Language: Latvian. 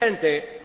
presidente